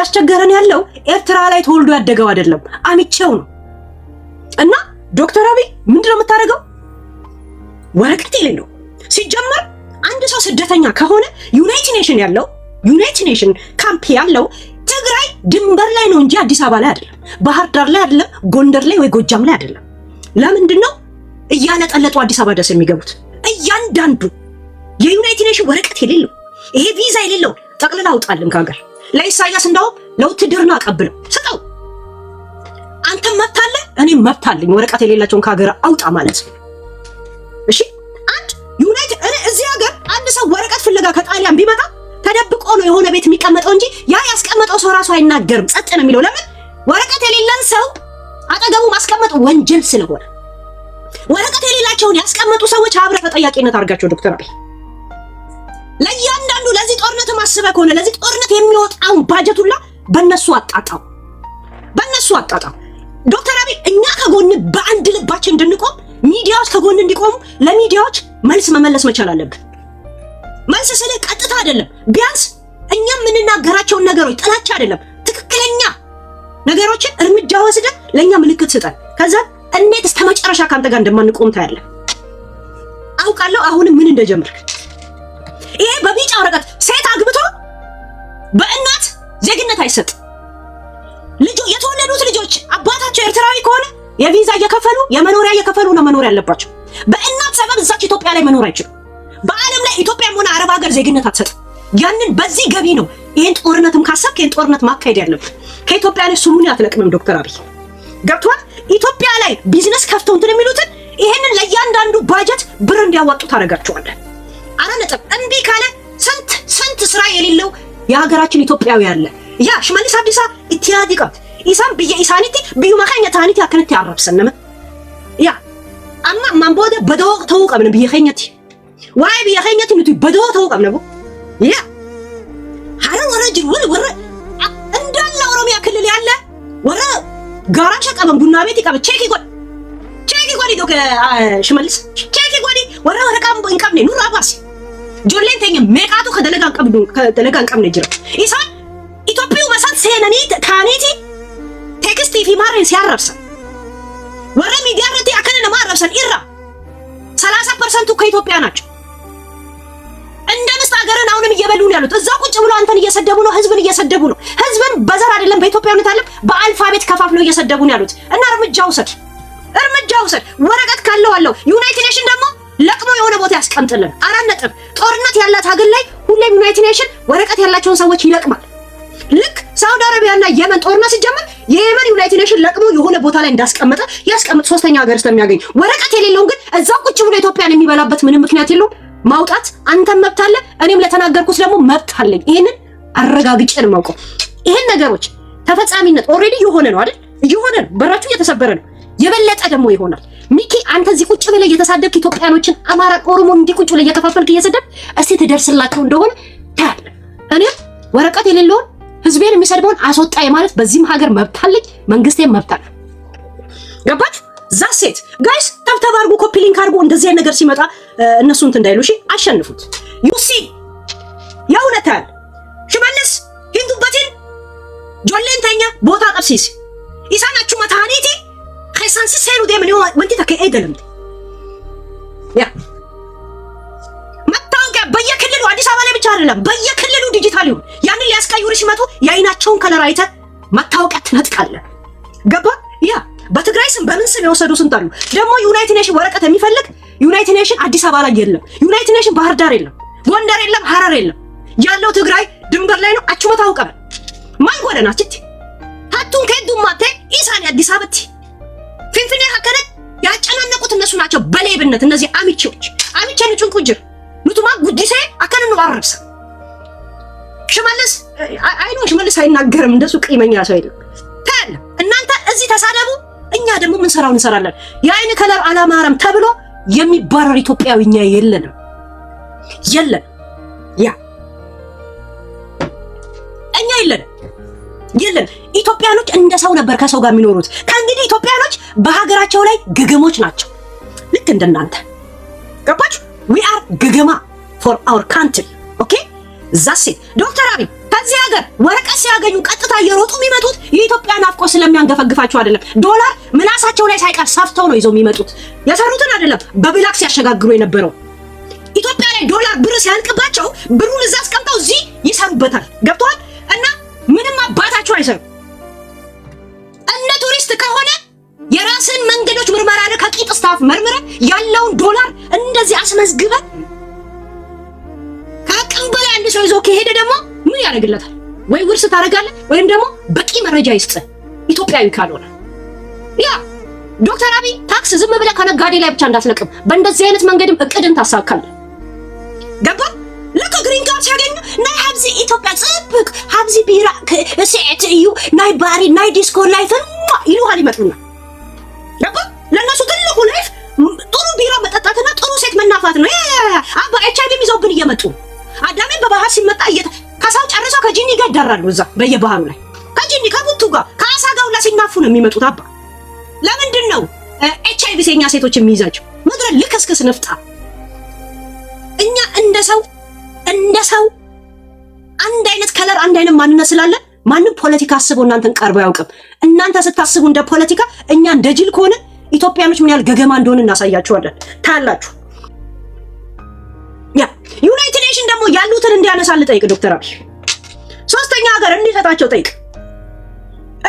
እያስቸገረን ያለው ኤርትራ ላይ ተወልዶ ያደገው አይደለም አሚቼው ነው። እና ዶክተር አብይ ምንድነው የምታደርገው? ወረቀት የሌለው ሲጀመር አንድ ሰው ስደተኛ ከሆነ ዩናይትድ ኔሽን ያለው ዩናይትድ ኔሽን ካምፕ ያለው ትግራይ ድንበር ላይ ነው እንጂ አዲስ አበባ ላይ አይደለም፣ ባህር ዳር ላይ አይደለም፣ ጎንደር ላይ ወይ ጎጃም ላይ አይደለም። ለምንድን ነው እያለጠለጡ አዲስ አበባ ድረስ የሚገቡት? እያንዳንዱ የዩናይትድ ኔሽን ወረቀት የሌለው ይሄ ቪዛ የሌለው ጠቅልላ አውጣልን ከሀገር ለኢሳያስ እንደውም ለውትድርና ቀብለው ስጠው። አንተም መብት አለ፣ እኔም መብት አለኝ። ወረቀት የሌላቸውን ከሀገር አውጣ ማለት ነው። እሺ አንድ ዩናይትድ እኔ እዚህ ሀገር አንድ ሰው ወረቀት ፍለጋ ከጣሊያን ቢመጣ ተደብቆ ነው የሆነ ቤት የሚቀመጠው እንጂ ያ ያስቀመጠው ሰው ራሱ አይናገርም። ጸጥ ነው የሚለው። ለምን? ወረቀት የሌለን ሰው አጠገቡ ማስቀመጥ ወንጀል ስለሆነ ወረቀት የሌላቸውን ያስቀመጡ ሰዎች አብረህ ተጠያቂነት አድርጋቸው ዶክተር አብይ ጦርነት ማስበህ ከሆነ ለዚህ ጦርነት የሚወጣውን ሁላ በእነሱ አጣጣው፣ በእነሱ አጣጣው። ዶክተር አብይ እኛ ከጎን በአንድ ልባችን እንድንቆም ሚዲያዎች ከጎን እንዲቆሙ ለሚዲያዎች መልስ መመለስ መቻል አለብን። መልስ ስለ ቀጥታ አይደለም፣ ቢያንስ እኛ የምንናገራቸውን ነገሮች ጥላቻ አይደለም፣ ትክክለኛ ነገሮችን እርምጃ ወስደን ለእኛ ምልክት ስጠን። ከዛ እንዴት እስከ መጨረሻ ከአንተ ጋር እንደማንቆም ታያለን። አውቃለሁ አሁንም ምን እንደጀምርክ ይሄ በቢጫ ወረቀት ሴት አግብቶ በእናት ዜግነት አይሰጥ። ልጁ የተወለዱት ልጆች አባታቸው ኤርትራዊ ከሆነ የቪዛ እየከፈሉ የመኖሪያ እየከፈሉ ነው መኖር ያለባቸው። በእናት ሰበብ እዛች ኢትዮጵያ ላይ መኖር አይችሉም። በዓለም ላይ ኢትዮጵያም ሆነ አረብ ሀገር ዜግነት አትሰጥም። ያንን በዚህ ገቢ ነው። ይህን ጦርነትም ካሰብክ ይህን ጦርነት ማካሄድ ያለብህ ከኢትዮጵያ ላይ ስሙን አትለቅምም። ዶክተር አብይ ገብቷል። ኢትዮጵያ ላይ ቢዝነስ ከፍተው እንትን የሚሉትን ይህንን ለእያንዳንዱ ባጀት ብር እንዲያዋጡ ታደርጋቸዋለን። እምቢ ካለ ስንት ስንት ስራ የሌለው የሀገራችን ኢትዮጵያዊ አለ። ያ ሽመልስ አብዲሳ ኢትያዲ ቀብት ኢሳን ብየ ኢሳኒቲ ብዩ ማኸኛ ታኒቲ አከነቲ አረብሰነመ ያ አማ ማንቦደ በደው ተው ቀብነ ብየ ኸኛቲ ዋይ ብየ ኸኛቲ ንቱ በደው ተው ቀብነ ያ ሐረ ወረ ጅሩን ወረ እንዳለ ኦሮሚያ ክልል ያለ ወረ ጋራ ሸቀበን ቡና ቤት ይቀበ ቼክ ይጎል ቼክ ይጎል ይዶከ ሽመልስ ቼክ ይጎል ወረ ወረ ቃም እንቀብኔ ኑራ ባሲ ጆሌንቴኝ ሜቃቱ ከደለጋንቀብ ዱን ከደለጋንቀብ ነጅራ ኢሳን ኢትዮጵዩ መሳት ሴነኒ ታኔቲ ቴክስቲ ፊ ማረን ሲያረብሰ ወረ ሚዲያ ረቲ አከነ ማረብሰን ኢራ 30% ከኢትዮጵያ ናቸው። እንደ ምስጥ ሀገርን አሁንም እየበሉን ያሉት እዛ ቁጭ ብሎ አንተን እየሰደቡ ነው። ህዝብን እየሰደቡ ነው። ህዝብን በዘር አይደለም በኢትዮጵያዊነት ዓለም በአልፋቤት ከፋፍለው እየሰደቡን ያሉት እና እርምጃ ውሰድ፣ እርምጃ ውሰድ። ወረቀት ካለው አለው ዩናይትድ ኔሽን ደግሞ ለቅሞ የሆነ ቦታ ያስቀምጥልን። አራት ነጥብ። ጦርነት ያላት ሀገር ላይ ሁሌም ዩናይትድ ኔሽን ወረቀት ያላቸውን ሰዎች ይለቅማል። ልክ ሳውዲ አረቢያና የመን ጦርነት ሲጀምር የየመን ዩናይትድ ኔሽን ለቅሞ የሆነ ቦታ ላይ እንዳስቀመጠ ያስቀምጥ፣ ሶስተኛ ሀገር ስለሚያገኝ። ወረቀት የሌለውን ግን እዛው ቁጭ ብሎ ኢትዮጵያን የሚበላበት ምንም ምክንያት የለውም። ማውጣት አንተም መብት አለ፣ እኔም ለተናገርኩት ደግሞ መብት አለኝ። ይህንን አረጋግጬ ነው የማውቀው። ይህን ነገሮች ተፈጻሚነት ኦልሬዲ የሆነ ነው አይደል? እየሆነ ነው። በራችሁ እየተሰበረ ነው። የበለጠ ደግሞ ይሆናል። ሚኪ አንተ እዚህ ቁጭ ብለህ እየተሳደብክ ኢትዮጵያኖችን አማራ፣ ኦሮሞ እንዲህ ቁጭ ብለህ እየከፋፈልክ እየሰደብ እስቲ ትደርስላቸው እንደሆነ ታያለህ። እኔ ወረቀት የሌለውን ህዝቤን የሚሰድበውን አስወጣ ማለት በዚህም ሀገር መብት አለኝ፣ መንግስቴም መብት አለ። ዛ ሴት ጋይስ ተብተብ አድርጉ፣ ኮፒ ሊንክ አድርጉ። እንደዚህ ነገር ሲመጣ እነሱ እንትን እንዳይሉ እሺ፣ አሸንፉት። ዩሲ የእውነት ያህል ሽመልስ ሂንዱበትን ጆሌንተኛ ቦታ ጠብሲስ sincero di me, ne ho mentita che አይደለም ያ መታወቂያ በየክልሉ አዲስ አበባ ላይ ብቻ አይደለም፣ በየክልሉ ዲጂታል ይሁን። ያንን ሊያስቀይሩ ሲመጡ የአይናቸውን ከለር አይተህ መታወቂያ ትነጥቃለህ። ገባ ያ በትግራይ ስም በምን ስም የወሰዱ ስንት አሉ። ደግሞ ዩናይትድ ኔሽን ወረቀት የሚፈልግ ዩናይትድ ኔሽን አዲስ አበባ ላይ የለም። ዩናይትድ ኔሽን ባህር ዳር የለም፣ ጎንደር የለም፣ ሀረር የለም። ያለው ትግራይ ድንበር ላይ ነው። አችመት አውቀበል ማይ ጎደናችት ሀቱን ከዱማቴ ኢሳኔ አዲስ አበባ ፊንፊኔ ከነት ያጨናነቁት እነሱ ናቸው በሌብነት እነዚህ አሚቼዎች አሚቼ ንጩን ኩጅር ኑቱማ ጉዲሴ አከን ነው አረብሰ ሽመልስ አይኑ ሽመልስ አይናገርም እንደሱ ቂመኛ ሰው አይደለም ታል እናንተ እዚህ ተሳደቡ እኛ ደግሞ ምን ሰራው እንሰራለን የአይን ከለር አላማረም ተብሎ የሚባረር ኢትዮጵያዊ እኛ የለንም የለን ያ እኛ የለንም የለም ኢትዮጵያኖች እንደ ሰው ነበር ከሰው ጋር የሚኖሩት። ከእንግዲህ ኢትዮጵያኖች በሀገራቸው ላይ ግግሞች ናቸው፣ ልክ እንደናንተ ገባችሁ? ዊ አር ግግማ ፎር አወር ካንትሪ ኦኬ። ዛሴት ዶክተር አብይ ከዚህ ሀገር ወረቀት ሲያገኙ ቀጥታ እየሮጡ የሚመጡት የኢትዮጵያን ናፍቆ ስለሚያንገፈግፋቸው አይደለም። ዶላር ምናሳቸው ላይ ሳይቀር ሰፍተው ነው ይዘው የሚመጡት። የሰሩትን አይደለም በብላክ ሲያሸጋግሩ የነበረው ኢትዮጵያ ላይ ዶላር ብር ሲያንቅባቸው ብሩን እዛ አስቀምጠው እዚህ ይሰሩበታል። ገብተዋል ምንም አባታችሁ አይሰሩ። እነ ቱሪስት ከሆነ የራስን መንገዶች ምርመራ ከቂጥ ስታፍ መርምረ ያለውን ዶላር እንደዚህ አስመዝግበ ከአቅም በላይ አንድ ሰው ይዞ ከሄደ ደግሞ ምን ያደርግለታል? ወይ ውርስ ታደርጋለህ ወይም ደግሞ በቂ መረጃ ይስጥ ኢትዮጵያዊ ካልሆነ ያ ዶክተር አብይ ታክስ ዝም ብለህ ከነጋዴ ላይ ብቻ እንዳትለቅም፣ በእንደዚህ አይነት መንገድም እቅድን ታሳካለህ። ገባ ግሪን ካርድ ሲያገኙ ናይ ሃብዚ ኢትዮጵያ ፅብቅ ሃብዚ ቢራ ስዕቲ እዩ ናይ ባሪ ናይ ዲስኮ ላይፍ ይልሃል ይመጡና ደባ ለእነሱ ትልቁ ላይፍ ጥሩ ቢራ መጠጣትና ጥሩ ሴት መናፋት ነው። አባ ኤች አይቪም ይዘውብን እየመጡ አዳሜ በባህር ሲመጣ ከሰው ጨርሰው ከጂኒ ጋር ይዳራሉ። እዛ በየባህሩ ላይ ከጂኒ ከቡቱ ጋር ከአሳ ጋር ሁላ ሲናፉ ነው የሚመጡት። አባ ለምንድን ነው ኤች አይቪ ሴኛ ሴቶች የሚይዛቸው? ምድረ ልክስክስ ንፍጣ እኛ እንደ ሰው እንደ ሰው አንድ አይነት ከለር፣ አንድ አይነት ማንነት ስላለ ማንም ፖለቲካ አስቦ እናንተን ቀርቦ አያውቅም። እናንተ ስታስቡ እንደ ፖለቲካ እኛ እንደ ጅል ከሆነ ኢትዮጵያኖች ምን ያህል ገገማ እንደሆነ እናሳያችኋለን። ታያላችሁ። ያ ዩናይትድ ኔሽን ደግሞ ያሉትን እንዲያነሳል ጠይቅ። ዶክተር አብይ ሶስተኛ ሀገር እንዲሰጣቸው ጠይቅ።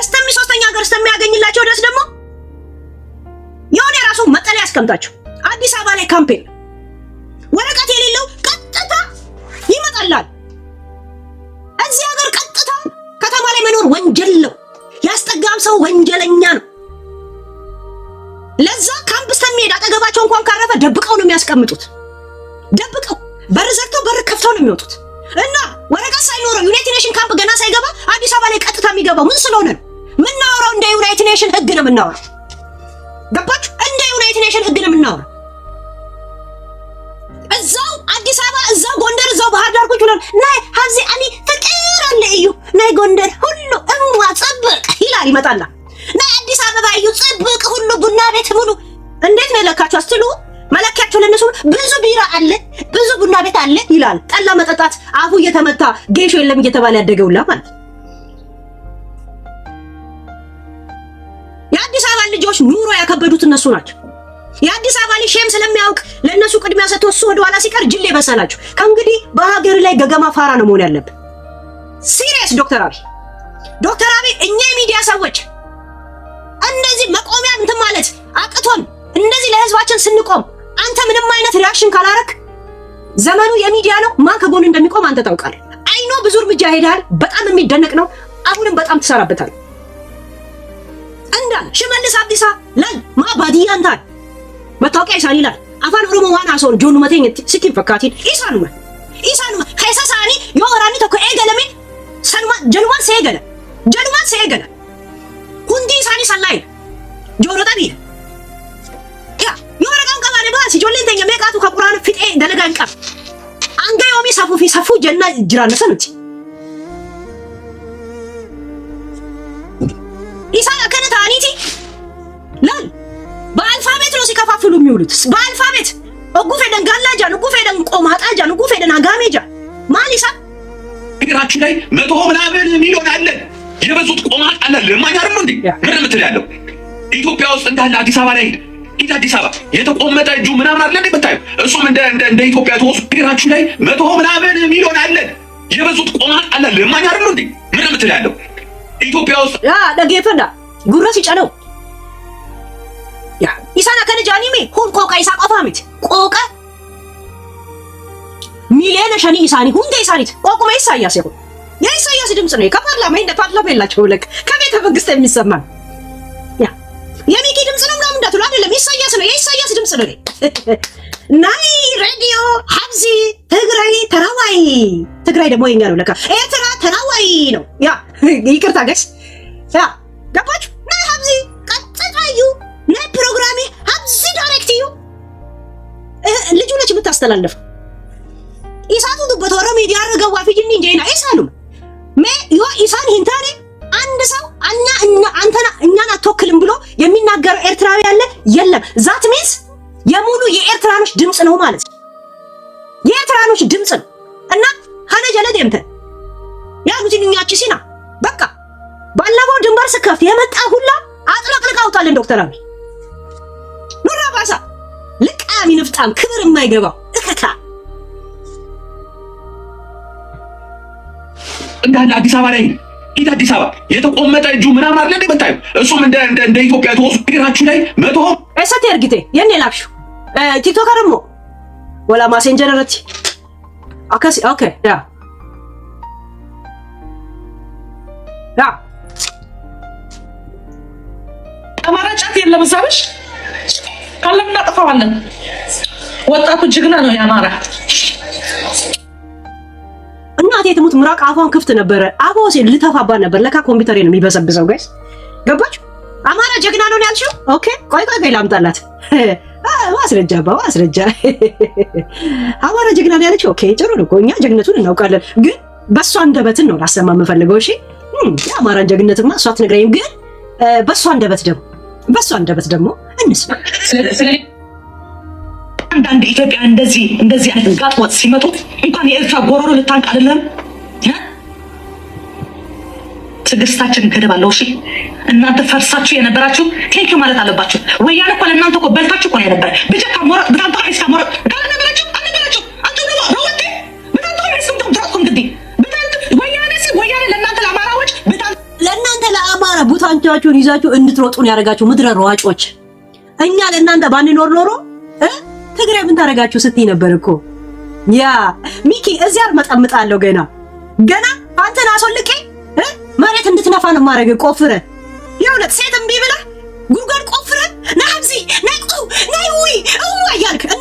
እስተሚ ሶስተኛ ሀገር እስተሚያገኝላቸው ድረስ ደግሞ የሆነ የራሱ መጠለያ ያስቀምጣቸው። አዲስ አበባ ላይ ካምፔን ወረቀት ያስጠላል። እዚህ ሀገር ቀጥታ ከተማ ላይ መኖር ወንጀል ነው። ያስጠጋም ሰው ወንጀለኛ ነው። ለዛ ካምፕ ስተሚሄድ አጠገባቸው እንኳን ካረፈ ደብቀው ነው የሚያስቀምጡት። ደብቀው በር ዘግተው በር ከፍተው ነው የሚወጡት እና ወረቀት ሳይኖረው ዩናይትድ ኔሽን ካምፕ ገና ሳይገባ አዲስ አበባ ላይ ቀጥታ የሚገባው ምን ስለሆነ ነው የምናወራው? እንደ ዩናይትድ ኔሽን ህግ ነው የምናወራው። ገባችሁ? እንደ ዩናይትድ ኔሽን ህግ ነው የምናወራው። እዛው ባህር ዳር ቁጭ ብለን ናይ ሀብዚ አኒ ፍቅር አለ እዩ ናይ ጎንደር ሁሉ እምዋ ጽብቅ ይላል ይመጣላ ናይ አዲስ አበባ እዩ ጽብቅ ሁሉ ቡና ቤት ሙሉ እንዴት ነው አስትሉ መለኪያቸው ለነሱ ብዙ ቢራ አለ ብዙ ቡና ቤት አለ ይላል። ጠላ መጠጣት አፉ እየተመታ ጌሾ የለም እየተባለ ያደገውላ ማለት ነው። የአዲስ አበባ ልጆች ኑሮ ያከበዱት እነሱ ናቸው። የአዲስ አበባ ልጅ ሼም ስለሚያውቅ ለእነሱ ቅድሚያ ሰጥቶ እሱ ወደኋላ ሲቀር ጅል በሰላችሁ ከእንግዲህ በሀገር ላይ ገገማ ፋራ ነው መሆን ያለብን። ሲሪየስ ዶክተር አብይ ዶክተር አብይ እኛ የሚዲያ ሰዎች እንደዚህ መቆሚያ እንትን ማለት አቅቶን እንደዚህ ለህዝባችን ስንቆም አንተ ምንም አይነት ሪያክሽን ካላረክ ዘመኑ የሚዲያ ነው። ማን ከጎን እንደሚቆም አንተ ታውቃለህ። አይኖ ብዙ እርምጃ ሄዳል። በጣም የሚደነቅ ነው። አሁንም በጣም ትሰራበታል። እንዳል ሽመልስ አብዲሳ ላይ ማ እንታል መታወቂያ ኢሳን ይላል አፋን ኦሮሞ ዋና ሰውን ጆኑ መቴኝ ሲቲን ፈካቲን ኢሳኑመ ኢሳኑመ ከሰሳኒ የወራኒ ተኮ ኤገለሚ ሰንማ ጀኑማን ሰኤገለ ጀኑማን ሰኤገለ ሁንዲ ኢሳኒ ሰላይ ጆሮታኒ ያ የወረቀን ቀባሪ ባሲ ጆሌን ተኛ መቃቱ ከቁርአን ፍጤ ደለጋን ቀብ አንገ ዮሚ ሰፉ ፊ ሰፉ ጀና ጅራነ ሰንቺ ኢሳን የሚውሉት በአልፋቤት እጉፌደን ጋላጃን እጉፌደን ቆማጣጃን እጉፌደን አጋሜጃ ማሊሳ ሀገራችን ላይ መቶ ምናምን ሚሊዮን አለን። የበዙት ቆማጣ አለ ለማኝ እንዴ? ምን ምትል ያለው ኢትዮጵያ ውስጥ እንዳለ አዲስ አበባ ላይ ሂድ አዲስ አበባ የተቆመጠ እጁ ምናምን አለ ብታዩ፣ እሱም እንደ እንደ ኢትዮጵያ ተወሱ። ሀገራችን ላይ መቶ ምናምን ሚሊዮን አለን። የበዙት ቆማጣ አለ ለማኝ እንዴ? ምን ምትል ያለው ኢትዮጵያ ውስጥ ያ ኢሳና ከነጃኒሜ ሁን ቆቀ ኢሳ ቆፋምት ቆቀ ሚሊዮን ሸኒ ኢሳኒ ሁንደ ኢሳኒት ቆቁመ ኢሳያስ ይሁን የኢሳያስ ድምጽ ነው። ከፓርላማ እንደ ፓርላማ የላቸው ለክ ከቤተ መንግስት የሚሰማ ያ የሚኪ ድምጽ ነው ምናምን እንዳትሉ አይደለም፣ ኢሳያስ ነው። የኢሳያስ ድምጽ ነው። ናይ ሬዲዮ ሐብዚ ትግራይ ተራዋይ ትግራይ ደግሞ የኛ ነው። ለካ ኤርትራ ተራዋይ ነው። ያ ይቅርታ ገሽ ያ ገባችሁ ናይ ሐብዚ ቀጥታዩ ናይ ፕሮግራሜ ኣብዚ ዳይሬክት እዩ ልጁ ነች የምታስተላለፍ ኢሳቱ ዱበት ኦሮሞ ሚዲያ ረገዋ ፊጅኒ እንጀና ኢሳሉ ሜ ዮ ኢሳን ሂንታኔ አንድ ሰው አኛ እኛ አንተና እኛን አትወክልም ብሎ የሚናገረው ኤርትራዊ ያለ የለም። ዛት ሚንስ የሙሉ የኤርትራኖች ድምፅ ነው ማለት የኤርትራኖች ድምፅ ነው እና ሀነ ጀለድ የምተ ያሉት ንኛች ሲና በቃ ባለፈው ድንበር ስከፍት የመጣ ሁላ አጥለቅልቃውታለን ዶክተር አብይ ኑራ ባሳ ልቃሚ ንፍጣም ክብር የማይገባው እከካ እንዳለ አዲስ አበባ ላይ ሂድ አዲስ አበባ የተቆመጠ እጁ ምናምን አለ እንዴ ብታዩ፣ እሱም እንደ እንደ ኢትዮጵያ ተወሱ ግራችሁ ላይ መቶ እሰት እርግቴ የኔ ላብሹ ቲክቶከር ሞ ወላ ማሴንጀረረቲ አከሲ ኦኬ ያ ያ አማራጭ የለም እዛ ካለም እናጥፈዋለን። ወጣቱ ጀግና ነው። የአማራ እናቴ ትሙት ምራቅ አፏን ክፍት ነበረ። አፏ ሲል ልተፋባት ነበር። ለካ ኮምፒውተር ነው የሚበሰብሰው። ጋይስ ገባች። አማራ ጀግና ነው ያልሽው። ኦኬ ቆይ ቆይ ቆይ ላምጣላት ማስረጃ በማስረጃ አማራ ጀግና ነው ያለችው። ኦኬ ጥሩ ነው እኛ ጀግነቱን እናውቃለን፣ ግን በእሷ አንደበትን ነው ላሰማ የምፈልገው። እሺ የአማራን ጀግነትማ እሷ አትነግረኝም፣ ግን በእሷ አንደበት ደግሞ በእሱ አንደበት ደግሞ እንስማ። አንዳንድ ኢትዮጵያ እንደዚህ እንደዚህ አይነት ጋጥወጥ ሲመጡ እንኳን የኤርትራ ጎረሮ ልታንቅ አይደለም። ትዕግስታችን ገደብ አለው። እሺ እናንተ ፈርሳችሁ የነበራችሁ ቴንኪው ማለት አለባችሁ። ወያኔ እኮ ለእናንተ እኮ በልታችሁ እኮ የነበረ ብጀካ ካሞረ ብታንተ ስ ሞረ ጋር ነበራችሁ ቡታንቻችሁን ይዛችሁ እንድትሮጡን ያደረጋችሁ ምድረ ሯጮች፣ እኛ ለእናንተ ባንኖር ኖሮ ትግራይ ምን ታደርጋችሁ ስትይ ነበር እኮ ያ ሚኪ። እዚያ መጠምጣለሁ ገና ገና አንተን አስወልቄ መሬት ነው ማድረግ ቆፍረ የሁለት ሴት እምቢ ብለ ጉድጓድ ቆፍረ ናብዚ ናይቁ ናይዊ ውይ እዋ እያልክ ነው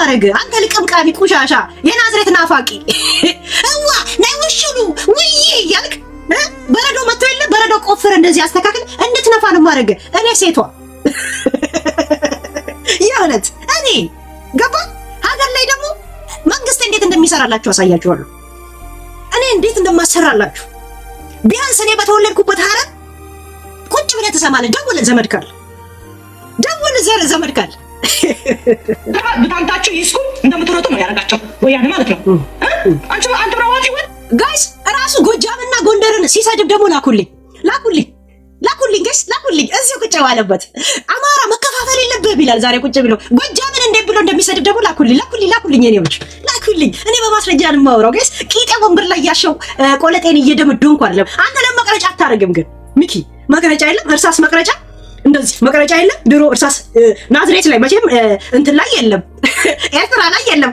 ማድረግ አንተ ልቀምቃሚ ቁሻሻ የናዝሬት ናፋቂ እዋ ናይ ውሽሉ ውይ እያልክ በረዶ መጥቶ የለ በረዶ ቆፍረ እንደዚህ አስተካክል እንድትነፋ ነው ማድረግ። እኔ ሴቷ የእውነት እኔ ገባ ሀገር ላይ ደግሞ መንግስት እንዴት እንደሚሰራላችሁ አሳያችኋለሁ። እኔ እንዴት እንደማሰራላችሁ ቢያንስ እኔ በተወለድኩበት ሀረር ቁጭ ብለህ ትሰማለህ። ደውለህ ዘመድ ካለ ደውለህ ዘር ዘመድ ካለ ብታንታችሁ ይስኩ እንደምትሮጡ ነው ያደረጋቸው ወያኔ ማለት ነው። አንቺ አንተ ብራዋጭ ወይ ጋይስ ራሱ ጎጃምና ጎንደርን ሲሰድብ ደግሞ ላኩልኝ ላኩልኝ ላኩልኝ ጋይስ ላኩልኝ። እዚሁ ቁጭ ባለበት አማራ መከፋፈል የለብህም ይላል። ዛሬ ቁጭ ብሎ ጎጃምን እንዴት ብሎ እንደሚሰድብ ደግሞ ላኩልኝ ላኩልኝ ላኩልኝ የኔዎች ላኩልኝ። እኔ በማስረጃ ነው የማወራው ጋይስ። ቂጤ ወንበር ላይ ያሸው ቆለጤን እየደመደንኩ አይደለም። አንተ ለምን መቅረጫ አታደርግም ግን ሚኪ? መቅረጫ የለም እርሳስ መቅረጫ እንደዚህ መቅረጫ የለም። ድሮ እርሳስ ናዝሬት ላይ መቼም እንትን ላይ የለም ኤርትራ ላይ የለም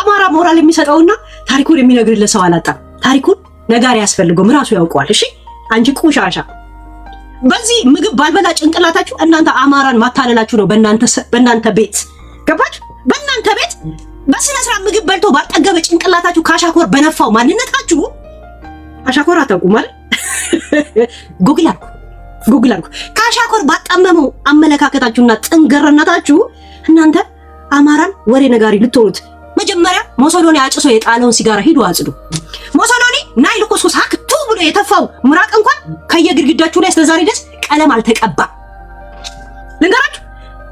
አማራ ሞራል የሚሰጠውና ታሪኩን የሚነግርለት ሰው አላጣም። ታሪኩን ነጋሪ አያስፈልገውም፣ ራሱ ያውቀዋል። እሺ አንቺ ቁሻሻ በዚህ ምግብ ባልበላ ጭንቅላታችሁ እናንተ አማራን ማታለላችሁ ነው። በእናንተ ቤት ገባችሁ? በእናንተ ቤት በስነ ስርዓት ምግብ በልቶ ባልጠገበ ጭንቅላታችሁ ከአሻኮር በነፋው ማንነታችሁ አሻኮር አታውቁም ጉግል አልኩ ጉግል አልኩ። ከአሻኮር ባጣመመው አመለካከታችሁና ጥንገረነታችሁ እናንተ አማራን ወሬ ነጋሪ ልትሆኑት መጀመሪያ ሞሶሎኒ አጭሶ የጣለውን ሲጋራ ሂዱ አጽዱ። ሞሶሎኒ ናይ እኮ ሱሳክ ቱ ብሎ የተፋው ምራቅ እንኳን ከየግድግዳችሁ ላይ እስከዛሬ ድረስ ቀለም አልተቀባ። ልንገራችሁ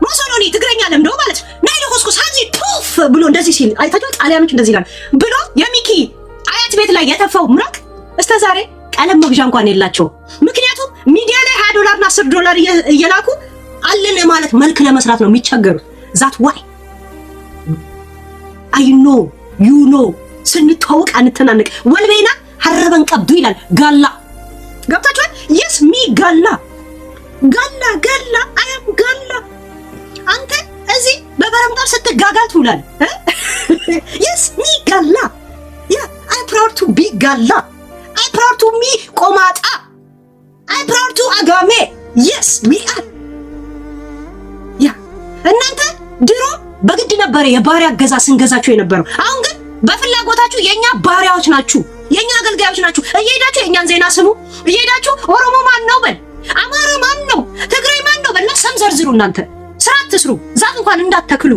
ሞሶሎኒ ትግረኛ ለምደው ማለት ናይ ኮስኮ ሳዚ ቱፍ ብሎ እንደዚህ ሲል አይታችሁ ጣሊያኖች እንደዚህ ይላል ብሎ የሚኪ አያት ቤት ላይ የተፋው ምራቅ እስከዛሬ ቀለም መግዣ እንኳን የላቸው። ምክንያቱም ሚዲያ ላይ 20 ዶላርና 10 ዶላር እየላኩ አለን ማለት መልክ ለመስራት ነው የሚቸገሩት ዛት ዋይ አይ ኖ ዩ ኖ ስንተዋወቅ አንተናነቅ ወልቤና ሀረበን ቀብዱ ይላል ጋላ ገብታችኋል። የስ ሚ ጋላ ጋላ ጋላ አያም ጋላ አንተ እዚህ በበረምጣር ስትጋጋ ትውላል። የስ ሚ ጋላ ያ አይ ፕራውድ ቱ ቢ ጋላ አይ ፕራውድ ቱ ሚ ቆማጣ አይ ፕራውድ ቱ አጋሜ የስ ሚ ያ እናንተ ድሮ በግድ ነበረ የባሪያ ገዛ ስንገዛችሁ የነበረው። አሁን ግን በፍላጎታችሁ የኛ ባሪያዎች ናችሁ፣ የኛ አገልጋዮች ናችሁ። እየሄዳችሁ የኛን ዜና ስሙ። እየሄዳችሁ ኦሮሞ ማን ነው በል፣ አማራ ማን ነው፣ ትግራይ ማን ነው በል፣ ስም ዘርዝሩ። እናንተ ስራ አትስሩ፣ ዛፍ እንኳን እንዳትተክሉ።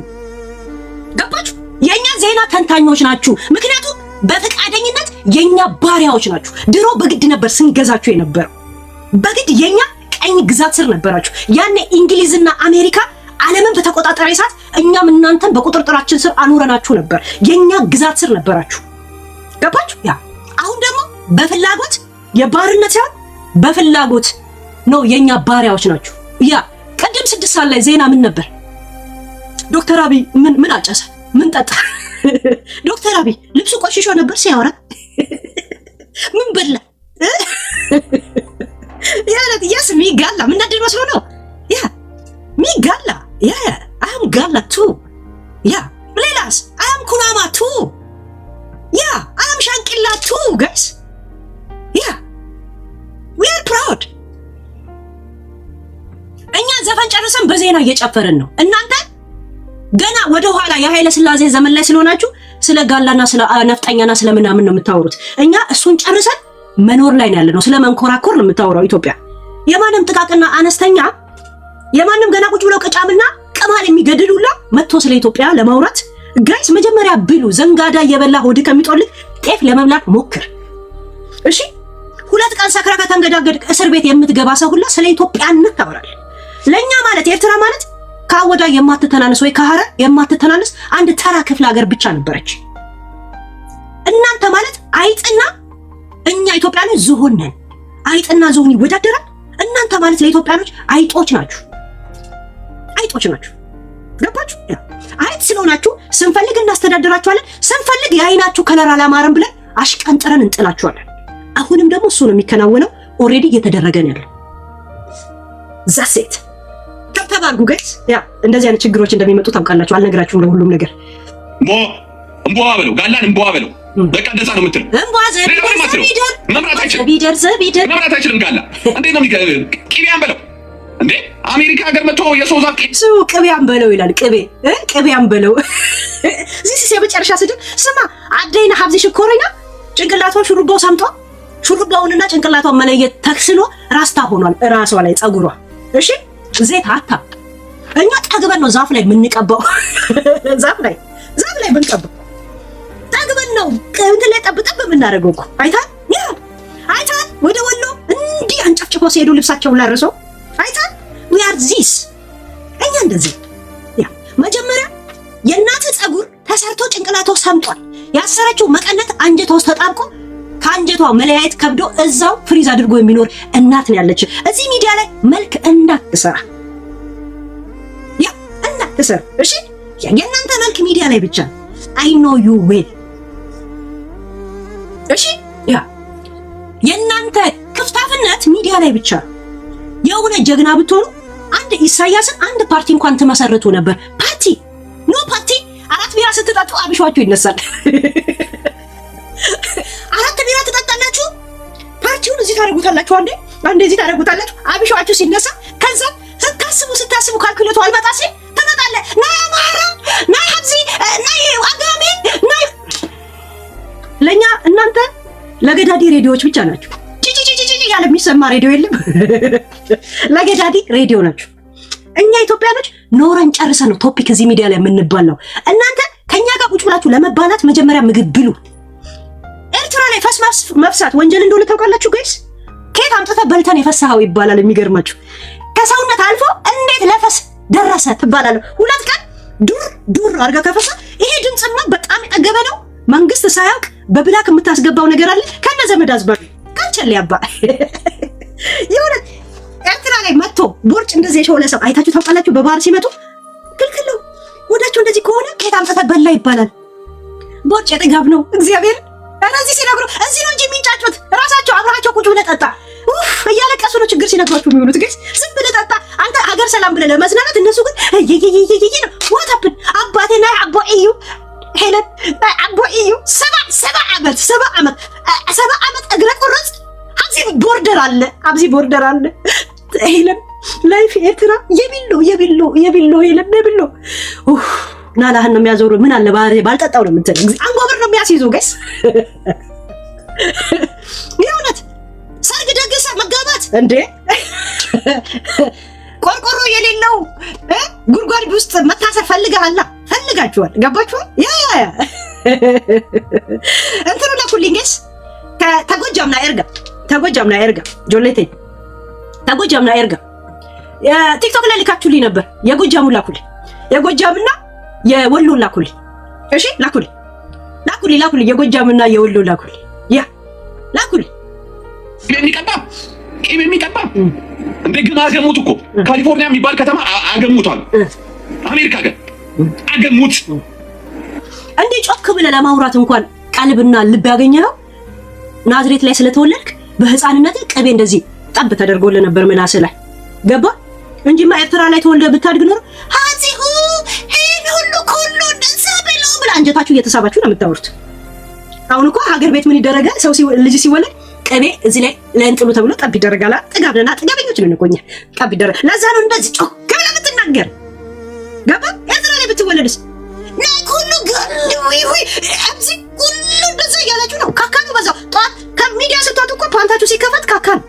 ገባችሁ? የኛ ዜና ተንታኞች ናችሁ። ምክንያቱም በፈቃደኝነት የኛ ባሪያዎች ናችሁ። ድሮ በግድ ነበር ስንገዛችሁ የነበረው። በግድ የኛ ቀኝ ግዛት ስር ነበራችሁ። ያኔ እንግሊዝና አሜሪካ ዓለምን በተቆጣጠረ ሰዓት እኛም እናንተን በቁጥርጥራችን ስር አኖረናችሁ ነበር። የኛ ግዛት ስር ነበራችሁ። ገባችሁ? ያ አሁን ደግሞ በፍላጎት የባርነት ሳይሆን በፍላጎት ነው። የኛ ባሪያዎች ናችሁ። ያ ቅድም ስድስት ሰዓት ላይ ዜና ምን ነበር? ዶክተር አብይ ምን ምን አጨሰ? ምን ጠጣ? ዶክተር አብይ ልብሱ ቆሽሾ ነበር ሲያወራ ምን በላ ያለት ያስ ሚጋላ ምን እንደደረሰው ነው ያ ሚጋላ ያ አም ጋላ ቱ ያ ሌላስ አም ኩናማ ቱ ያ አም ሻንቂላ ቱ ጋይስ ያ ዊ አር ፕራውድ። እኛ ዘፈን ጨርሰን በዜና እየጨፈርን ነው። እናንተ ገና ወደ ኋላ የኃይለ ስላሴ ዘመን ላይ ስለሆናችሁ ስለ ጋላና ስለ ነፍጠኛና ስለ ምናምን ነው የምታወሩት። እኛ እሱን ጨርሰን መኖር ላይ ነው ያለነው። ስለ መንኮራኮር ነው የምታወራው ኢትዮጵያ። የማንም ጥቃቅና አነስተኛ የማንም ገና ቁጭ ብለው ቅጫምና ቅማል የሚገድሉላ መጥቶ ስለ ኢትዮጵያ ለማውራት ጋይስ፣ መጀመሪያ ብሉ። ዘንጋዳ እየበላ ሆድ ከሚጦልት ጤፍ ለመብላት ሞክር። እሺ፣ ሁለት ቀን ሰክራ ከተንገዳገድ እስር ቤት የምትገባ ሰው ሁላ ስለ ኢትዮጵያ እንታወራል። ለእኛ ማለት ኤርትራ ማለት ከአወዳ የማትተናነስ ወይ ከሐረር የማትተናነስ አንድ ተራ ክፍለ ሀገር ብቻ ነበረች። እናንተ ማለት አይጥና እኛ ኢትዮጵያኖች ዝሆን ነን። አይጥና ዝሆን ይወዳደራል። እናንተ ማለት ለኢትዮጵያኖች አይጦች ናችሁ። ቄጦች ናቸው። ገባችሁ? አይጥ ስለሆናችሁ ስንፈልግ እናስተዳደራችኋለን፣ ስንፈልግ የአይናችሁ ከለር አላማረም ብለን አሽቀንጥረን እንጥላችኋለን። አሁንም ደግሞ እሱ ነው የሚከናወነው። ኦሬዲ እየተደረገ ነው ያለው። ዛሴት ከተባርጉ ገይስ ያ እንደዚህ አይነት ችግሮች እንደሚመጡ ታውቃላችሁ። አልነግራችሁም ለሁሉም ነገር ሞ በለው ጋላን እምቧ በለው በቃ እንደዛ ነው የምትለው። እምቧ ዘቢደር ዘቢደር ዘቢደር መምራት አይችልም ጋላ እንዴት ነው ቅቤያን በለው እንዴ አሜሪካ ሀገር መጥቶ የሰው ዛፍ ሰው ቅቤያን በለው ይላል። ቅቤ ቅቤያን በለው እዚህ ሲሴ መጨረሻ ስድብ ስማ አደይና ሀብዜ ሽኮረኛ ጭንቅላቷን ሹሩባው ሰምጧ ሹሩባውንና ጭንቅላቷን መለየት ተክስሎ ራስታ ሆኗል። ራሷ ላይ ጸጉሯ እሺ ዜት አታ እኛ ጠግበን ነው ዛፍ ላይ የምንቀባው። ዛፍ ላይ ዛፍ ላይ የምንቀባው ጠግበን ነው። እንትን ላይ ጠብጠብ የምናደርገው እኮ አይታል አይታል ወደ ወሎ እንዲህ አንጨፍጭፎ ሲሄዱ ልብሳቸውን ላርሰው ዚስ እኛ እንደዚህ ያ መጀመሪያ የእናትህ ጸጉር ተሰርቶ ጭንቅላቷ ሰምጧል። ያሰረችው መቀነት አንጀቷ ውስጥ ተጣብቆ ከአንጀቷ መለያየት ከብዶ እዛው ፍሪዝ አድርጎ የሚኖር እናት ነው ያለች። እዚህ ሚዲያ ላይ መልክ እንዳትሰራ ያ እንዳትሰራ። እሺ የእናንተ መልክ ሚዲያ ላይ ብቻ አይ ኖ ዩ ዌል እሺ ያ የእናንተ ክፍታፍነት ሚዲያ ላይ ብቻ የእውነት ጀግና ብትሆኑ አንድ ኢሳያስን አንድ ፓርቲ እንኳን ትመሰርቱ ነበር። ፓርቲ ኖ ፓርቲ አራት ቢራ ስትጠጡ አብሿችሁ ይነሳል። አራት ቢራ ትጠጣላችሁ፣ ፓርቲውን እዚህ ታደርጉታላችሁ፣ አንዴ አንዴ እዚህ ታደርጉታላችሁ። አብሿችሁ ሲነሳ ከዛ ስታስቡ ስታስቡ ካልኩሌቱ አልመጣ ሲል ትመጣለ ናይ አማራ ናይ ሀብዚ ናይ አጋሜ ናይ ለእኛ እናንተ ለገዳዲ ሬዲዮዎች ብቻ ናችሁ። እያለ የሚሰማ ሬዲዮ የለም። ለገዳዲ ሬዲዮ ናቸው። እኛ ኢትዮጵያኖች ኖረን ጨርሰ ነው ቶፒክ እዚህ ሚዲያ ላይ የምንባል ነው። እናንተ ከእኛ ጋር ቁጭ ብላችሁ ለመባላት መጀመሪያ ምግብ ብሉ። ኤርትራ ላይ ፈስ መፍሳት ወንጀል እንደሆነ ታውቃላችሁ ጋይስ። ኬት አምጥተ በልተን የፈሳኸው ይባላል። የሚገርማችሁ ከሰውነት አልፎ እንዴት ለፈስ ደረሰ ትባላለ። ሁለት ቀን ዱር ዱር አድርጋ ከፈሳ ይሄ ድምፅማ በጣም የጠገበ ነው። መንግስት ሳያውቅ በብላክ የምታስገባው ነገር አለ ከነ ዘመድ አዝባቢ ቃልቸል ሊያባ የሆነ ኤርትራ ላይ መጥቶ ቦርጭ እንደዚህ የሸወለ ሰው አይታችሁ ታውቃላችሁ? በባህር ሲመጡ ክልክል ነው። ወዳችሁ እንደዚህ ከሆነ ከየት አምጥተህ በላ ይባላል። ቦርጭ የጥጋብ ነው። እግዚአብሔር እነዚህ ሲነግሩ እዚህ ነው እንጂ የሚንጫጩት ራሳቸው አብረሃቸው ቁጭ ብለህ ጠጣ እያለቀሱ ነው ችግር ሲነግሯችሁ የሚሆኑት። ግን ዝም ብለህ ጠጣ አንተ ሀገር ሰላም ብለህ ለመዝናናት፣ እነሱ ግን ይይይይይ ነው። ዋታፕን አባቴ ናይ አቦ እዩ ሄለን ናይ አቦ እዩ ሰባ ሰባ ዓመት ሰባ ዓመት ቦርደር አለ፣ አብዚ ቦርደር አለ። ሄለም ላይፍ ኤርትራ የቢሎ የቢሎ የቢሎ ሄለም የቢሎ ናላህን ነው የሚያዞሩ። ምን አለ ባልጠጣው ነው የምትል አንጎብር ነው የሚያስይዙ ገስ የእውነት ሰርግ ደግሰ መጋባት እንዴ ቆርቆሮ የሌለው ጉድጓድ ውስጥ መታሰር ፈልገሃላ ፈልጋችኋል። ገባችኋል? ያ ያ ያ እንትኑ ለኩሊንግስ ገስ ከጎጃምና ኤርጋ ተጎጃምና ኤርጋ ጆሌቴ ተጎጃምና ኤርጋ ቲክቶክ ላይ ልካችሁልኝ ነበር። የጎጃሙ ላኩልኝ፣ የጎጃምና የወሎ ላኩልኝ። እሺ ላኩልኝ፣ ላኩልኝ፣ ላኩልኝ፣ የጎጃምና የወሎ ላኩልኝ። ያ ላኩልኝ የሚቀባ ቂም የሚቀባ እንደ ግን አገሙት እኮ ካሊፎርኒያ የሚባል ከተማ አገሙቷል። አሜሪካ ግን አገሙት። እንዲህ ጮክ ብለህ ለማውራት እንኳን ቀልብና ልብ ያገኘኸው ናዝሬት ላይ ስለተወለድክ በህፃንነት ቅቤ እንደዚህ ጠብ ተደርጎል ነበር ምላስህ ላይ ገባ እንጂማ ኤርትራ ላይ ተወልደ ብታድግ ኖሮ ሀዚሁ ይህን ሁሉ ኩሉ እንደዛ ብለው ብላ አንጀታችሁ እየተሳባችሁ ነው የምታወሩት። አሁን እኮ ሀገር ቤት ምን ይደረጋል? ሰው ልጅ ሲወለድ ቅቤ እዚህ ላይ ለእንጥሉ ተብሎ ጠብ ይደረጋል። ጥጋብ ነና ጥጋበኞች ነን እኮ እኛ ጠብ ይደረጋል። ለዛ ነው እንደዚህ ጮክ ብለህ የምትናገር ገባ። ኤርትራ ላይ ብትወለድስ ናይ ሁሉ ገ ሁሉ እንደዛ እያላችሁ ነው ካካ በዛው ጠዋት ከሚዲያ ስትወጡ እኮ ፓንታችሁ ሲከፈት ካካን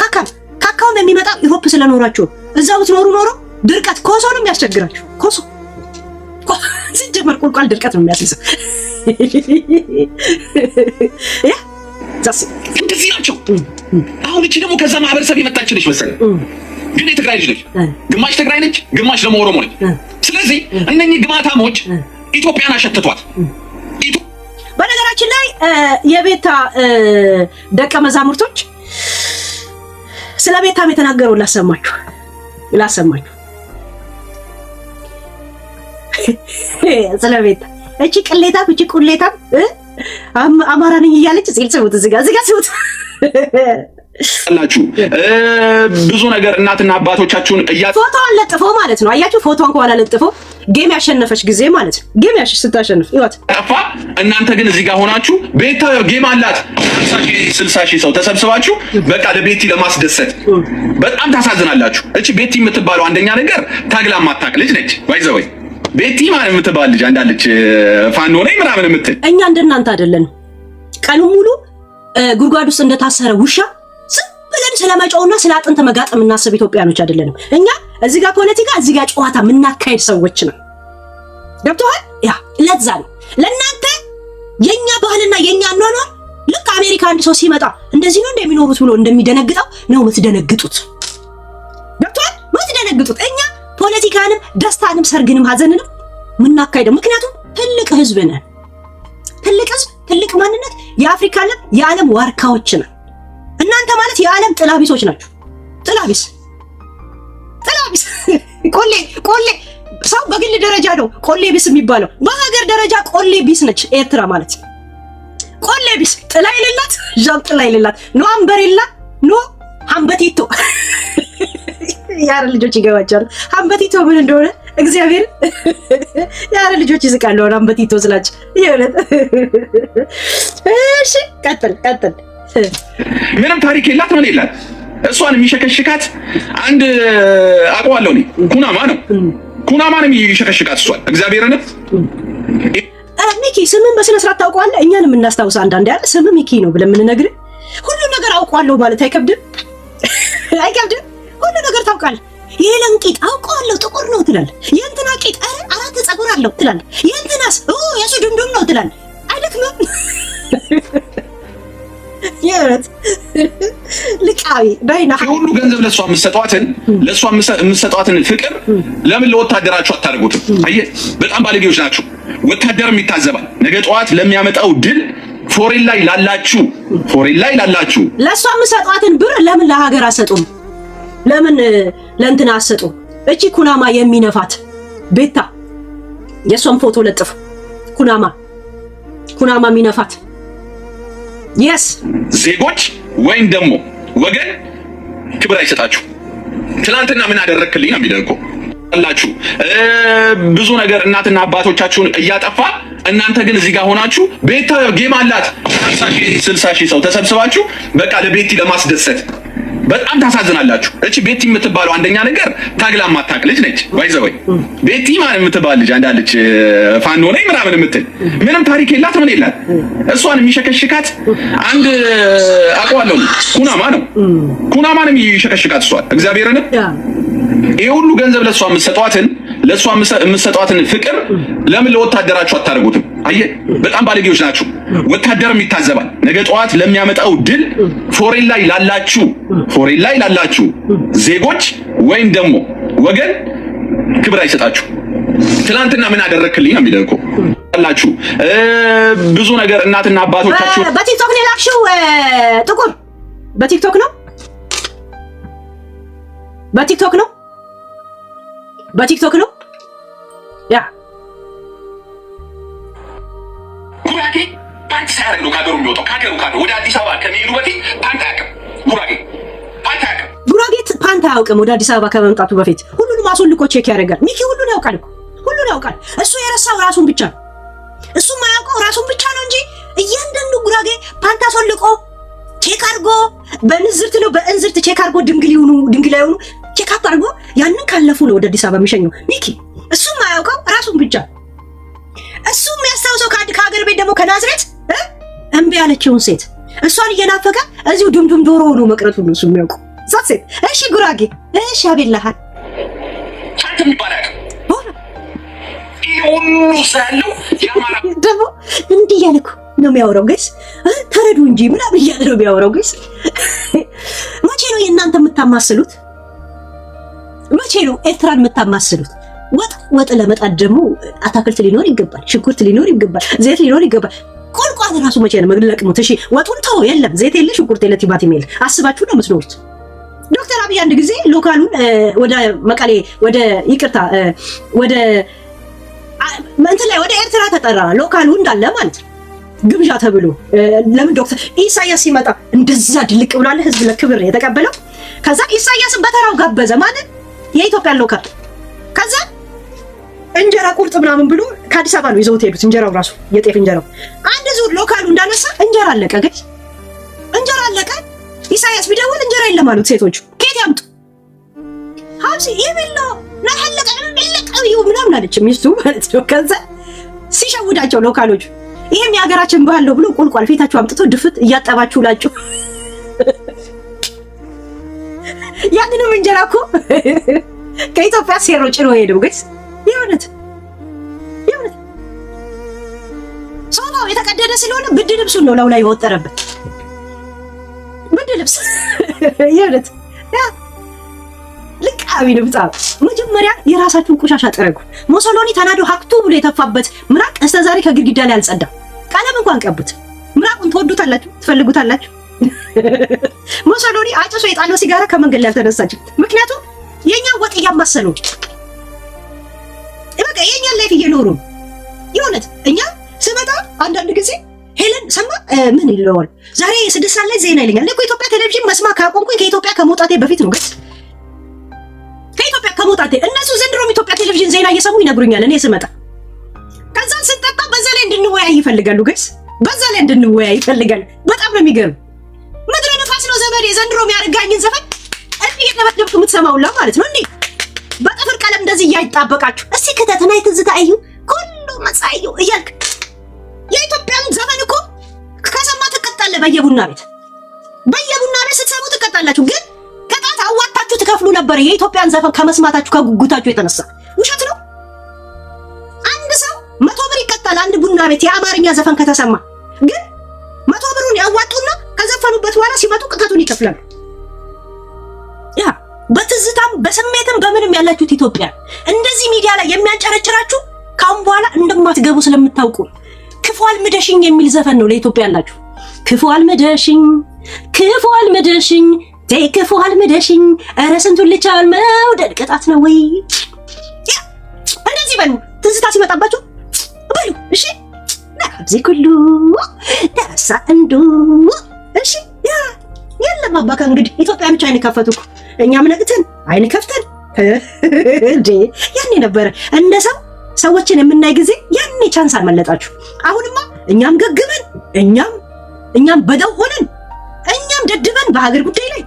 ካካን ካካውን የሚመጣ ኢሮፕ ስለኖራችሁ እዛ ብትኖሩ ኖሮ ድርቀት ኮሶ ነው የሚያስቸግራችሁ። ኮሶ ሲጀመር ቁልቋል ድርቀት ነው የሚያስይዘው። እንደዚህ ናቸው። አሁን እቺ ደግሞ ከዛ ማህበረሰብ የመጣች ነች መሰለኝ፣ ግን የትግራይ ልጅ ነች። ግማሽ ትግራይ ነች፣ ግማሽ ደግሞ ኦሮሞ ነች። ስለዚህ እነኚህ ግማታሞች ኢትዮጵያን አሸትቷት የቤታ ደቀ መዛሙርቶች ስለ ቤታም የተናገረውን ላሰማችሁ ላሰማችሁ ስለ ቤታ እቺ ቅሌታም እቺ ቁሌታም አማራ ነኝ እያለች ሲል ስሙት፣ እዚህ ጋር እዚህ ጋር ስሙት አላችሁ ብዙ ነገር እናትና አባቶቻችሁን እያ ፎቶዋን ለጥፎ ማለት ነው። አያችሁ ፎቶዋን ከኋላ ለጥፎ ጌም ያሸነፈች ጊዜ ማለት ነው። ጌም ያሽ ስታሸንፍ ይወት ጠፋ። እናንተ ግን እዚህ ጋር ሆናችሁ ቤት ጌም አላት ስልሳ ሺህ ሰው ተሰብስባችሁ በቃ ለቤቲ ለማስደሰት በጣም ታሳዝናላችሁ። እቺ ቤቲ የምትባለው አንደኛ ነገር ታግላ ማታቅ ልጅ ነች ባይዘወይ ቤቲ ማን የምትባል ልጅ አንዳለች ፋኖ ነኝ ምናምን የምትል እኛ እንደናንተ አይደለንም። ቀኑ ሙሉ ጉድጓድ ውስጥ እንደታሰረ ውሻ ዝም ብለን ስለመጫውና ስለ አጥንት መጋጥ የምናስብ ኢትዮጵያኖች አይደለንም። እኛ እዚህ ጋር ፖለቲካ፣ እዚህ ጋር ጨዋታ የምናካሄድ ሰዎች ነው። ገብተዋል። ያ ለዛ ነው ለእናንተ የእኛ ባህልና የእኛ አኗኗር ልክ አሜሪካ አንድ ሰው ሲመጣ እንደዚህ ነው እንደሚኖሩት ብሎ እንደሚደነግጠው ነው የምትደነግጡት። ገብተዋል። የምትደነግጡት እኛ ፖለቲካንም፣ ደስታንም፣ ሰርግንም፣ ሀዘንንም ምናካሄደው ምክንያቱም ትልቅ ህዝብ ነን። ትልቅ ህዝብ፣ ትልቅ ማንነት፣ የአፍሪካ ለም የዓለም ዋርካዎች ነን። እናንተ ማለት የዓለም ጥላቢሶች ናችሁ። ጥላቢስ ጥላቢስ ቆሌ ቆሌ ሰው በግል ደረጃ ነው ቆሌ ቢስ የሚባለው። በሀገር ደረጃ ቆሌ ቢስ ነች ኤርትራ ማለት ቆሌ ቢስ ጥላ የሌላት ዣብ ጥላ የሌላት ኖ አንበሬላ ኖ ሀምበቲቶ የአረ ልጆች ይገባቸዋል። ሀምበቲቶ ምን እንደሆነ እግዚአብሔር የአረ ልጆች ይስቃሉ። አሁን ሀምበቲቶ ስላች የእውነት እሺ፣ ቀጥል ቀጥል። ምንም ታሪክ የላት ምን የላት። እሷን የሚሸከሽካት አንድ አውቀዋለሁ እኔ ኩናማ ነው ኩናማ ነው የሚሸከሽካት እሷን እግዚአብሔርን ሚኪ ስምን በስነ ስርዓት ታውቀዋለህ። እኛን የምናስታውስ አንዳንድ ያለ ስም ሚኪ ነው ብለን የምንነግርህ ሁሉን ነገር አውቀዋለሁ ማለት አይከብድም። አይከብድም። ሁሉ ነገር ታውቃለህ። የሌለን ቂጥ አውቀዋለሁ ጥቁር ነው ትላል። የእንትና ቂጥ አራት ጸጉር አለው ትላል። የእንትናስ የሱ ድምዱም ነው ትላል። አይደክምም? የእውነት ልቃዊ በይና ሁሉ ገንዘብ ለእሷ የምትሰጧትን ለእሷ የምትሰጧትን ፍቅር ለምን ለወታደራችሁ አታደርጉትም? አየህ፣ በጣም ባለጌዎች ናቸው። ወታደርም ይታዘባል። ነገ ጠዋት ለሚያመጣው ድል ፎሬን ላይ ላላችሁ ፎሬን ላይ ላላችሁ ለእሷ የምሰጧትን ብር ለምን ለሀገር አሰጡም? ለምን ለእንትን አሰጡ? እቺ ኩናማ የሚነፋት ቤታ የእሷን ፎቶ ለጥፉ። ኩናማ ኩናማ የሚነፋት የስ ዜጎች ወይም ደግሞ ወገን ክብር አይሰጣችሁ። ትናንትና ምን አደረክልኝ ነው የሚደርገው አላችሁ ብዙ ነገር እናትና አባቶቻችሁን እያጠፋ እናንተ ግን እዚህ ጋር ሆናችሁ ቤታ ጌም አላት ስልሳ ሺህ ሰው ተሰብስባችሁ በቃ ለቤቲ ለማስደሰት በጣም ታሳዝናላችሁ። እቺ ቤቲ የምትባለው አንደኛ ነገር ታግላ ማታቅ ልጅ ነች። ባይዘወይ ቤቲ ማለት የምትባል ልጅ አንዳለች ፋኖ ነኝ ምናምን የምትል ምንም ታሪክ የላት ምን የላት። እሷን የሚሸከሽካት አንድ አውቀዋለሁ ኩናማ ነው። ኩናማንም ይሸከሽካት እሷን እግዚአብሔርንም ይሄ ሁሉ ገንዘብ ለሷ የምትሰጧትን ለሷ የምትሰጧትን ፍቅር ለምን ለወታደራችሁ አታደርጉትም? አየ በጣም ባለጌዎች ናችሁ። ወታደርም ይታዘባል። ነገ ጠዋት ለሚያመጣው ድል ፎሬን ላይ ላላችሁ ፎሬን ላይ ላላችሁ ዜጎች ወይም ደግሞ ወገን ክብር አይሰጣችሁ። ትላንትና ምን አደረክልኝ ነው የሚለው እኮ አላችሁ። ብዙ ነገር እናትና አባቶቻችሁ በቲክቶክ ነው የላክሽው። ጥቁር በቲክቶክ ነው በቲክቶክ ነው በቲክቶክ ነው ያ ጉራጌ ፓንት አያውቅም። ወደ አዲስ አበባ ከመምጣቱ በፊት ሁሉንም አስወልኮ ቼክ ያደርጋል። ሚኪ ሁሉን ያውቃል ሁሉን ያውቃል። እሱ የረሳው ራሱን ብቻ ነው። እሱ የማያውቀው ራሱን ብቻ ነው እንጂ እያንዳንዱ ጉራጌ ፓንት አስወልቆ ቼክ አድርጎ በንዝርት ነው በእንዝርት ቼክ አድርጎ ድንግል ይሁኑ ድንግል አይሆኑ ቼክአፕ አድርጎ ያንን ካለፉ ነው ወደ አዲስ አበባ የሚሸኘው ሚኪ። እሱም አያውቀው ራሱን ብቻ እሱ የሚያስታውሰው ከሀገር ቤት ደግሞ ከናዝሬት እምቢ ያለችውን ሴት እሷን እየናፈቀ እዚሁ ዱምዱም ዶሮ ሆኖ መቅረቱ ነው እሱ የሚያውቀው ሴት። እሺ ጉራጌ፣ እሺ አቤላሃል ደግሞ እንዲህ እያልኩ ነው የሚያወራው። ገስ ተረዱ እንጂ ምናምን እያለ ነው የሚያወራው። ገስ መቼ ነው የእናንተ የምታማስሉት? መቼ ነው ኤርትራን የምታማስሉት? ወጥ ወጥ ለመጣት ደግሞ አታክልት ሊኖር ይገባል፣ ሽንኩርት ሊኖር ይገባል፣ ዘይት ሊኖር ይገባል። ቋንቋት ራሱ መቼ ነው መግለቅ ነው? እሺ ወጡን ተው፣ የለም ዘይት የለ ሽንኩርት የለ ቲማቲም የለ፣ አስባችሁ ነው የምትኖሩት። ዶክተር አብይ አንድ ጊዜ ሎካሉን ወደ መቀሌ ወደ ይቅርታ ወደ እንትን ላይ ወደ ኤርትራ ተጠራ፣ ሎካሉ እንዳለ ማለት ነው ግብዣ ተብሎ ለምን ዶክተር ኢሳያስ ሲመጣ እንደዛ ድልቅ ብሏል። ህዝብ ለክብር የተቀበለው ከዛ ኢሳያስን በተራው ጋበዘ ማለት የኢትዮጵያ ያለው ከዛ እንጀራ ቁርጥ ምናምን ብሎ ከአዲስ አበባ ነው ይዘውት ሄዱት። እንጀራው ራሱ የጤፍ እንጀራው አንድ ዙር ሎካሉ እንዳነሳ እንጀራ አለቀ። ገይ እንጀራ አለቀ። ኢሳያስ ቢደውል እንጀራ የለም አሉት ሴቶቹ። ኬት ያምጡ ሀብሲ ይብላ ናሐለቀ ለቀብዩ ምናምን አለች ሚስቱ ማለት ነው። ከዛ ሲሸውዳቸው ሎካሎቹ ይህም የሀገራችን ባህል ነው ብሎ ቁልቋል ፊታችሁ አምጥቶ ድፍት እያጠባችሁ ላችሁ ያንንም እንጀራ እኮ ከኢትዮጵያ ሴሮ ጭኖ ሄደው ግን የእውነት የእውነት ሶፋው የተቀደደ ስለሆነ ብድ ልብሱን ነው ለውላ የወጠረበት ብድ ልብስ የእውነት ልቃቢ ነው። መጀመሪያ የራሳችሁን ቆሻሻ ጠረጉ። ሞሶሎኒ ተናዶ ሀክቱ ብሎ የተፋበት ምራቅ እስከ ከግድግዳ ላይ አልጸዳም። ቀለም እንኳን ቀቡት። ምራቁን ትወዱታላችሁ፣ ትፈልጉታላችሁ ሙሶሎኒ አጭሶ የጣለው ሲጋራ ከመንገድ ላይ አልተነሳችም። ምክንያቱም የኛ ወጥ እያማሰሉ በቃ የኛን ላይፍ እየኖሩ የእውነት እኛ ስመጣ አንዳንድ ጊዜ ሄለን ሰማ ምን ይለዋል ዛሬ ስድስት ሰዓት ላይ ዜና ይለኛል። እኮ ኢትዮጵያ ቴሌቪዥን መስማ ካቆምኩኝ ከኢትዮጵያ ከመውጣቴ በፊት ነው። ግን ከኢትዮጵያ ከመውጣቴ እነሱ ዘንድሮም ኢትዮጵያ ቴሌቪዥን ዜና እየሰሙ ይነግሩኛል። እኔ ስመጣ ከዛን ስንጠጣ በዛ ላይ እንድንወያይ ይፈልጋሉ። ግን በዛ ላይ እንድንወያይ ይፈልጋሉ። በጣም ነው የሚገርም ዘመዴ ዘንድሮ የሚያደርጋኝን ዘፈን እንዲህ እየደበደብክ የምትሰማውላ ማለት ነው። እንዴ? በጥፍር ቀለም እንደዚህ እያይጣበቃችሁ እስቲ ክተትና የትዝታ እዩ ሁሉ መጻዩ እያልክ የኢትዮጵያን ዘፈን እኮ ከሰማ ትቀጣለ። በየቡና ቤት በየቡና ቤት ስትሰሙ ትቀጣላችሁ። ግን ቅጣት አዋጣችሁ ትከፍሉ ነበር የኢትዮጵያን ዘፈን ከመስማታችሁ ከጉጉታችሁ የተነሳ ውሸት ነው። አንድ ሰው መቶ ብር ይቀጣል አንድ ቡና ቤት የአማርኛ ዘፈን ከተሰማ ግን ሲመጡ ቅጣቱን ይከፍላሉ። ያ በትዝታም በስሜትም በምንም ያላችሁት ኢትዮጵያ እንደዚህ ሚዲያ ላይ የሚያንጨረጭራችሁ ካሁን በኋላ እንደማትገቡ ስለምታውቁ ክፉ አልምደሽኝ የሚል ዘፈን ነው ለኢትዮጵያ ያላችሁ። ክፉ አልምደሽኝ፣ ክፉ አልምደሽኝ፣ ተይ ክፉ አልምደሽኝ፣ ኧረ ስንቱን ልቻል መውደድ ቅጣት ነው ወይ? እንደዚህ በሉ ትዝታ ሲመጣባችሁ በሉ እሺ፣ ለአብዚ ኩሉ ደረሳ እንዱ እሺ ያ የለም እንግዲህ ኢትዮጵያ ብቻ አይን ከፈቱ እኛም ነቅተን አይን ከፍተን ያኔ ነበረ እንደ ሰው ሰዎችን የምናይ ጊዜ ያኔ ቻንስ አልመለጣችሁ። አሁንማ እኛም ገግመን እኛም እኛም በደው ሆነን እኛም ደድበን በሀገር ጉዳይ ላይ